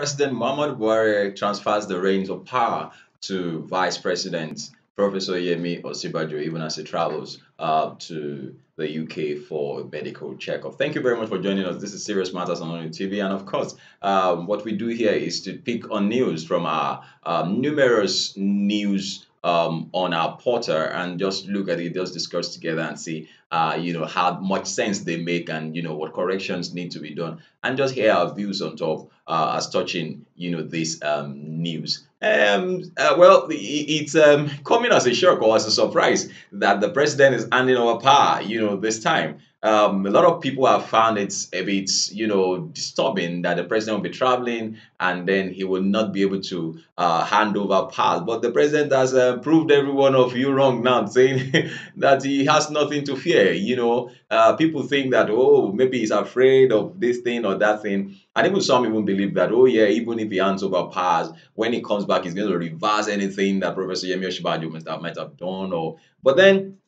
President Muhammad Buhari transfers the reins of power to Vice President Professor Yemi Osibajo even as he travels uh, to the UK for a medical checkup. Thank you very much for joining us. This is Serious Matters on Only TV, and of course, um, what we do here is to pick on news from our um, numerous news um, on our portal and just look at it, just discuss together and see, uh, you know, how much sense they make and, you know, what corrections need to be done and just hear our views on top uh, as touching, you know, this um, news. Um, uh, well, it's um, coming as a shock or as a surprise that the president is handing over power, you know, this time um, a lot of people have found it a bit, you know, disturbing that the president will be traveling and then he will not be able to uh, hand over power. But the president has uh, proved every one of you wrong now, saying that he has nothing to fear. You know, uh, people think that, oh, maybe he's afraid of this thing or that thing. And even some even believe that, oh, yeah, even if he hands over powers, when he comes back, he's going to reverse anything that Professor Yemi Oshibaju might have done. Or, but then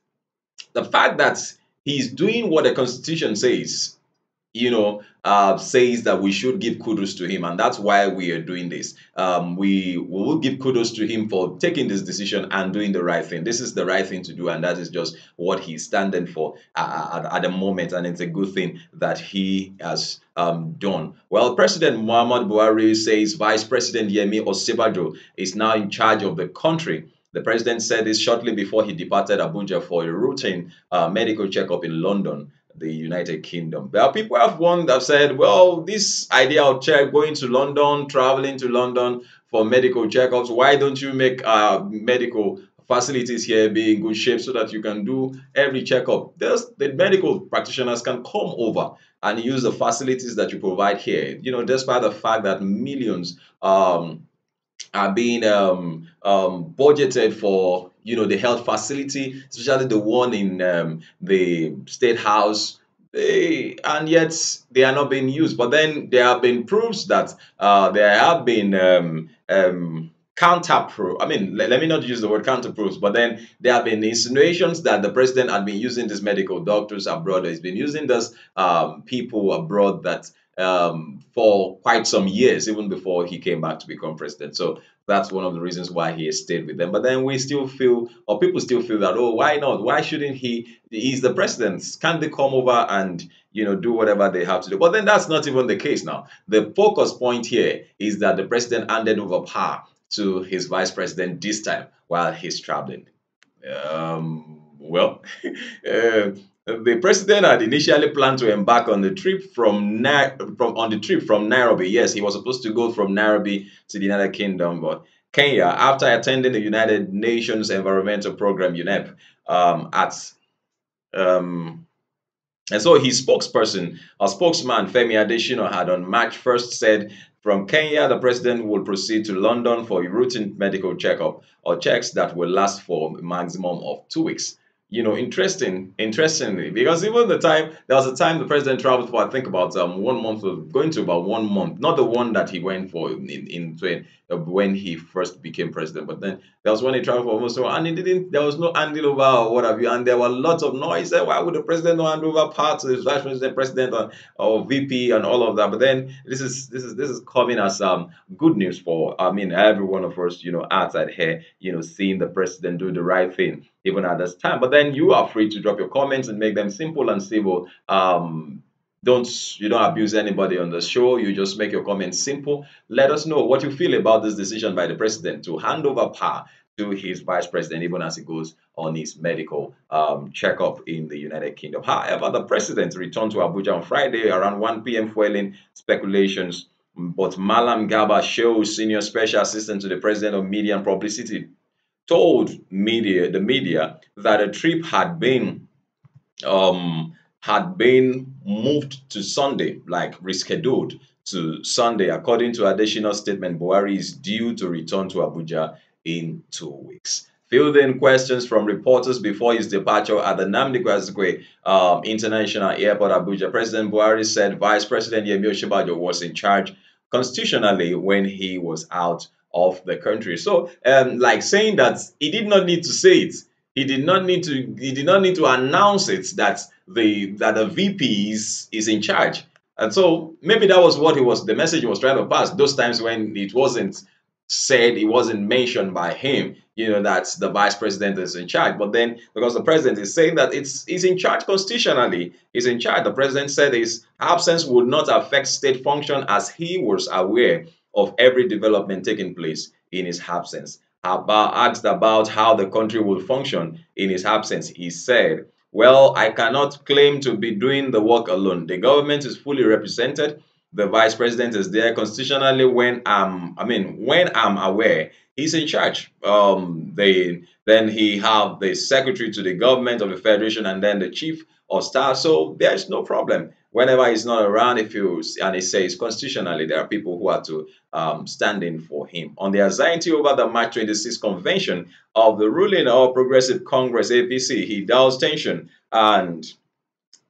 the fact that he's doing what the Constitution says, you know, uh, says that we should give kudos to him. And that's why we are doing this. Um, we, we will give kudos to him for taking this decision and doing the right thing. This is the right thing to do. And that is just what he's standing for at, uh, uh, at, at the moment. And it's a good thing that he has um, done. Well, President Muhammad Buhari says Vice President Yemi Osibajo is now in charge of the country. The president said this shortly before he departed Abuja for a routine uh, medical checkup in London, the United Kingdom. There are people have won that said, well, this idea of check, going to London, traveling to London for medical checkups, why don't you make uh, medical facilities here be in good shape so that you can do every checkup. There's, the medical practitioners can come over and use the facilities that you provide here. You know, despite the fact that millions um, are being um, um, budgeted for you know the health facility, especially the one in um, the state house. They, eh, and yet they are not being used. But then there have been proofs that uh, there have been um, um, counter I mean, let, let, me not use the word counter proofs, but then there have been insinuations that the president had been using these medical doctors abroad, he's been using those um, people abroad that um, for quite some years, even before he came back to become president. So that's one of the reasons why he stayed with them. But then we still feel, or people still feel that, oh, why not? Why shouldn't he? He's the president. Can they come over and you know do whatever they have to do? But then that's not even the case now. The focus point here is that the president handed over power to his vice president this time while he's traveling. Um, well, uh, uh, the president had initially planned to embark on the trip from, from on the trip from Nairobi. Yes, he was supposed to go from Nairobi to the United Kingdom, but Kenya, after attending the United Nations Environmental Program (UNEP) um, at um, and so his spokesperson, a spokesman, Femi Adesina, had on March 1st said from Kenya, the president will proceed to London for a routine medical checkup or checks that will last for a maximum of two weeks you know, interesting, interestingly, because even the time there was a time the president traveled for I think about um one month was going to about one month, not the one that he went for in in, in uh, when he first became president, but then there was when he traveled for almost and he didn't there was no handing over or what have you, and there were lots of noise. Why would the president not hand over part to his vice president, president, or, or VP and all of that? But then this is this is this is coming as um good news for I mean every one of us, you know, outside here, you know, seeing the president do the right thing even at this time. But then you are free to drop your comments and make them simple and civil. Um, don't you don't abuse anybody on the show. You just make your comments simple. Let us know what you feel about this decision by the president to hand over power to his vice president, even as he goes on his medical um, checkup in the United Kingdom. However, the president returned to Abuja on Friday around 1 p.m., foiling speculations. But Malam Gaba shows senior special assistant to the president of media and publicity, told media the media that a trip had been um, had been moved to Sunday, like rescheduled to Sunday, according to additional statement. Buhari is due to return to Abuja in two weeks. Fielding questions from reporters before his departure at the Namdi Kwazikwe um, International Airport, Abuja. President Buhari said Vice President Yemi Oshibajo was in charge constitutionally when he was out of the country. So, um, like saying that he did not need to say it. He did not need to. He did not need to announce it that the that the VP is is in charge. And so maybe that was what he was. The message he was trying to pass. Those times when it wasn't said, it wasn't mentioned by him. You know that the vice president is in charge. But then because the president is saying that it's he's in charge constitutionally. He's in charge. The president said his absence would not affect state function as he was aware of every development taking place in his absence. Abba asked about how the country will function in his absence, he said, Well, I cannot claim to be doing the work alone. The government is fully represented. The vice president is there constitutionally when I'm, I mean, when I'm aware he's in charge. Um, they then he have the secretary to the government of the federation and then the chief of staff. So there's no problem whenever he's not around, if you and he says constitutionally there are people who are to um, stand in for him. On the anxiety over the March 26 convention of the ruling or Progressive Congress APC, he doused tension and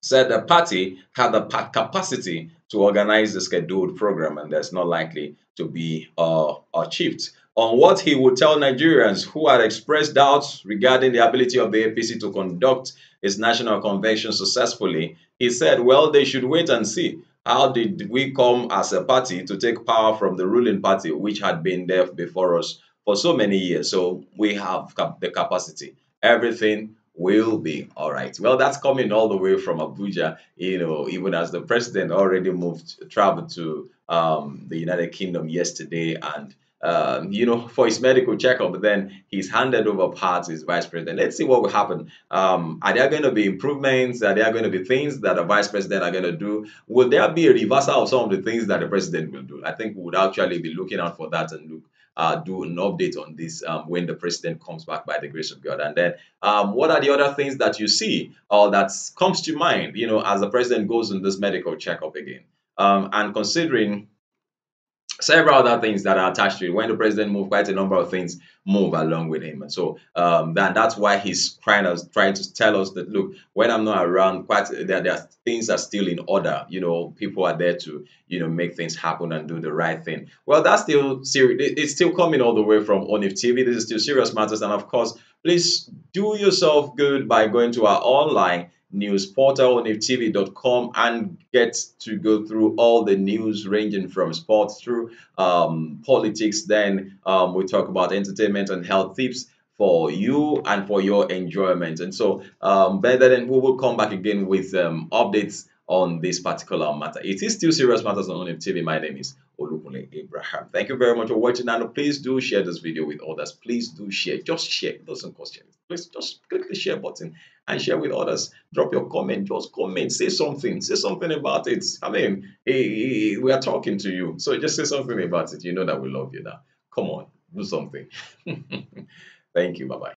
said the party had the capacity to organize the scheduled program and that's not likely to be uh, achieved on what he would tell Nigerians who had expressed doubts regarding the ability of the APC to conduct its national convention successfully, he said, well, they should wait and see. How did we come as a party to take power from the ruling party, which had been there before us for so many years? So we have the capacity. Everything will be all right. Well, that's coming all the way from Abuja, you know, even as the president already moved, traveled to um, the United Kingdom yesterday and um, you know, for his medical checkup. Then he's handed over parts to his vice president. Let's see what will happen. Um, are there going to be improvements? Are there going to be things that the vice president are going to do? Will there be a reversal of some of the things that the president will do? I think we would actually be looking out for that and look. Uh, do an update on this um, when the president comes back by the grace of God. And then, um, what are the other things that you see or that comes to mind, you know, as the president goes in this medical checkup again? Um, and considering several other things that are attached to it. When the president moved, quite a number of things move along with him. And so um, that, that's why he's trying to, trying to tell us that, look, when I'm not around, quite there, there are, things are still in order. You know, people are there to, you know, make things happen and do the right thing. Well, that's still serious. It's still coming all the way from ONIF TV. This is still serious matters. And of course, please do yourself good by going to our online news portal, nifttv.com, and get to go through all the news ranging from sports through um, politics. Then um, we talk about entertainment and health tips for you and for your enjoyment. And so, um, better than we will come back again with um, updates on this particular matter. It is still Serious Matters on TV. My name is Olukunle Abraham. Thank you very much for watching and please do share this video with others. Please do share. Just share. It doesn't cost you. Please just click the share button and share with others. Drop your comment. Just comment. Say something. Say something about it. I mean, eh, eh, eh, we are talking to you. So just say something about it. You know that we love you now. Come on. Do something. Thank you. Bye-bye.